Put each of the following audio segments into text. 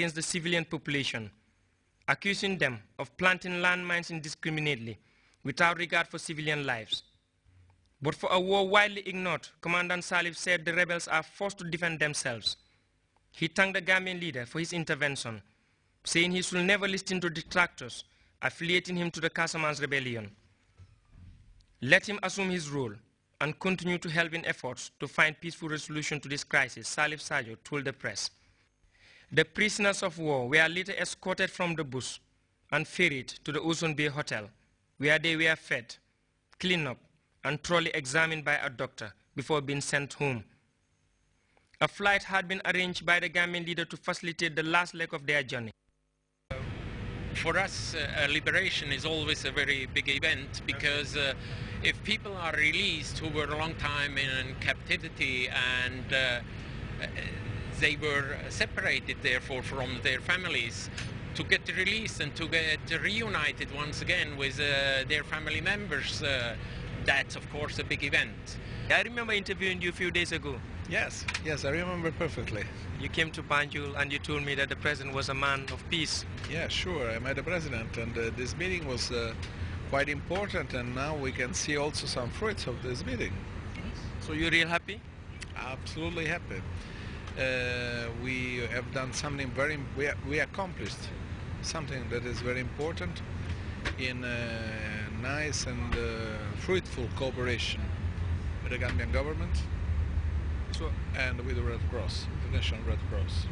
against the civilian population, accusing them of planting landmines indiscriminately without regard for civilian lives. But for a war widely ignored, Commandant Salif said the rebels are forced to defend themselves. He thanked the Gambian leader for his intervention, saying he should never listen to detractors affiliating him to the Casaman's rebellion. Let him assume his role and continue to help in efforts to find peaceful resolution to this crisis, Salif Sajo told the press. The prisoners of war were later escorted from the bus and ferried to the Ocean Bay Hotel, where they were fed, cleaned up, and thoroughly examined by a doctor before being sent home. A flight had been arranged by the Gambian leader to facilitate the last leg of their journey. For us, uh, liberation is always a very big event because uh, if people are released who were a long time in captivity and uh, they were separated, therefore, from their families to get released and to get reunited once again with uh, their family members. Uh, that's, of course, a big event. I remember interviewing you a few days ago. Yes, yes, I remember perfectly. You came to Banjul and you told me that the president was a man of peace. Yeah, sure, I met the president and uh, this meeting was uh, quite important and now we can see also some fruits of this meeting. So you're real happy? Absolutely happy. Uh, we have done something very, we, we accomplished something that is very important in nice and uh, fruitful cooperation with the Gambian government and with the Red Cross, the National Red Cross.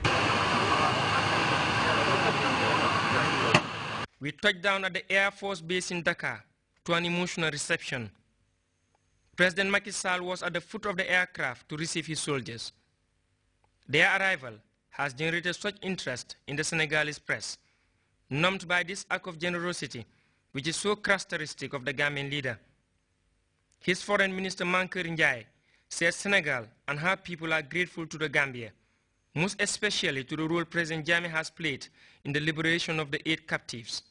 We touched down at the Air Force Base in Dakar to an emotional reception. President Macky Sall was at the foot of the aircraft to receive his soldiers. Their arrival has generated such interest in the Senegalese press, numbed by this act of generosity, which is so characteristic of the Gambian leader. His foreign minister, Manker Ndiaye, says Senegal and her people are grateful to the Gambia, most especially to the role President Jammeh has played in the liberation of the eight captives.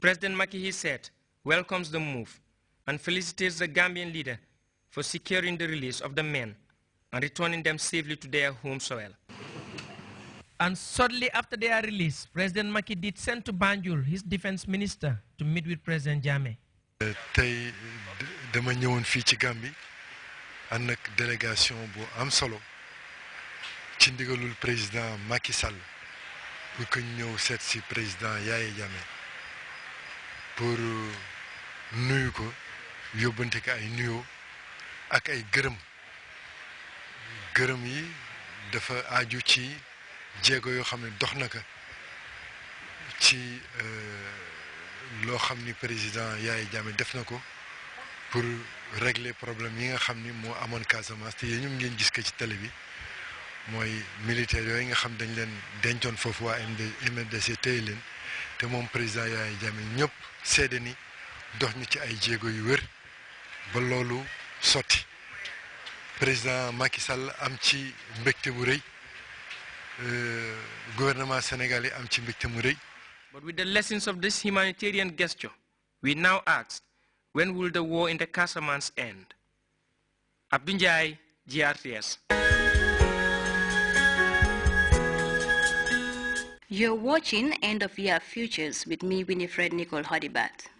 President Macky, he said, welcomes the move and felicitates the Gambian leader for securing the release of the men and returning them safely to their home soil. And shortly after their release, President Maki did send to Banjul his defense minister to meet with President Jammeh. Euh, tey dama ñëwoon fii ci Gàmbi ànd ak délégation bu am solo ci ndigalul président Macky Sall pour ñëw seet si président Yaya Jammeh pour euh, nuyu ko yóbbante ko ay nuyoo ak ay gërëm. gërëm yi dafa aju ci jéego yoo xam ne dox na ko ci euh, loo xam ni président Yaya Jammeh def na ko pour régler problème yi nga xam ni moo amoon Casamance te yéen ñoom ngeen gis ko ci télé bi mooy militaire yooyu nga xam dañ leen dencoon foofu waa MFDC téye leen te moom président Yaya Jammeh ñëpp seede ni dox na ci ay jéego yu wér ba loolu sotti président Macky Sall am ci mbégte bu rëy euh, gouvernement sénégalais am ci mbégte mu rëy. But with the lessons of this humanitarian gesture, we now ask, when will the war in the Casamance end? Abdou Ndiaye, GRTS. You're watching End of Year Futures with me, Winifred Nicole Hodibat.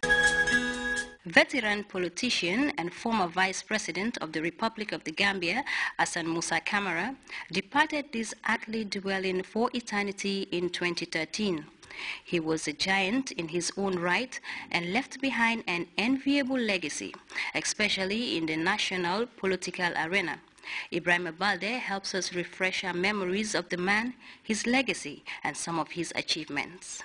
Veteran politician and former Vice President of the Republic of the Gambia, Asan Musa Kamara, departed this earthly dwelling for eternity in 2013. He was a giant in his own right and left behind an enviable legacy, especially in the national political arena. Ibrahim Balde helps us refresh our memories of the man, his legacy, and some of his achievements.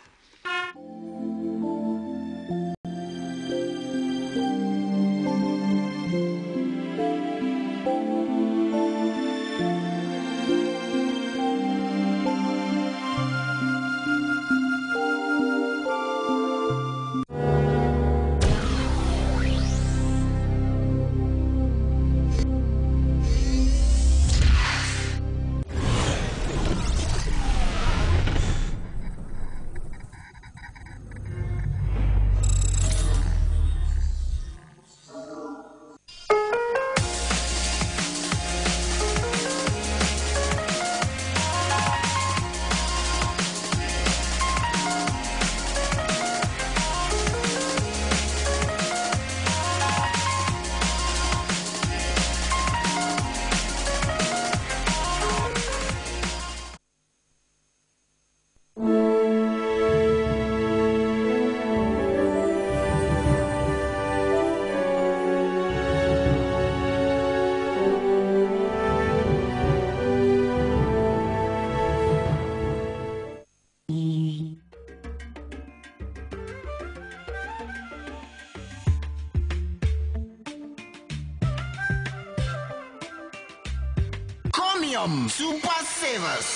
me. Super Savers.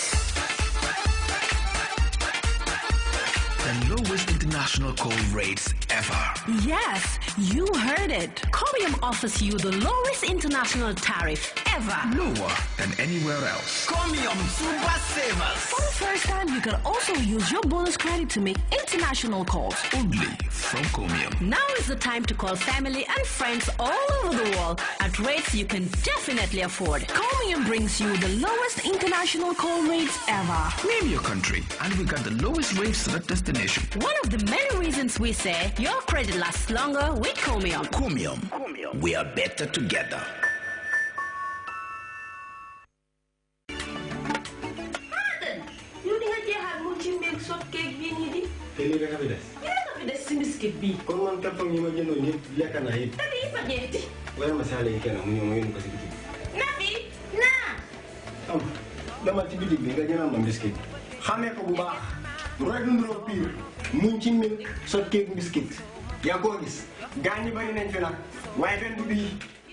The lowest international call rates ever. Yes, you heard it. Chromium offers you the lowest international tariff ever. Lower than anywhere else. Comium Super Savers. For the first time, you can also use your bonus credit to make international calls. Only from Comium. Now is the time to call family and friends all over the world at rates you can definitely afford. Comium brings you the lowest international call rates ever. Name your country and we got the lowest rates to that destination. One of the many reasons we say your credit lasts longer with Comium. Comium. Comium. We are better together. te lii rek a fi des. lii rek a fi des si biscuit bii. kon man carton yi ma jëndoon yëpp lekk naa yëpp. ma saale yi kenn mu ñëw ma yónni ko si bitig bi. na fi naa. am dama ci bitig bi nga jëndal ma biscuit. xamee ko bu baax. mu nduroo pire. muñ ci mil sot keeg biscuit. yaa ko gis. bari nañ fi nag waaye bu bii.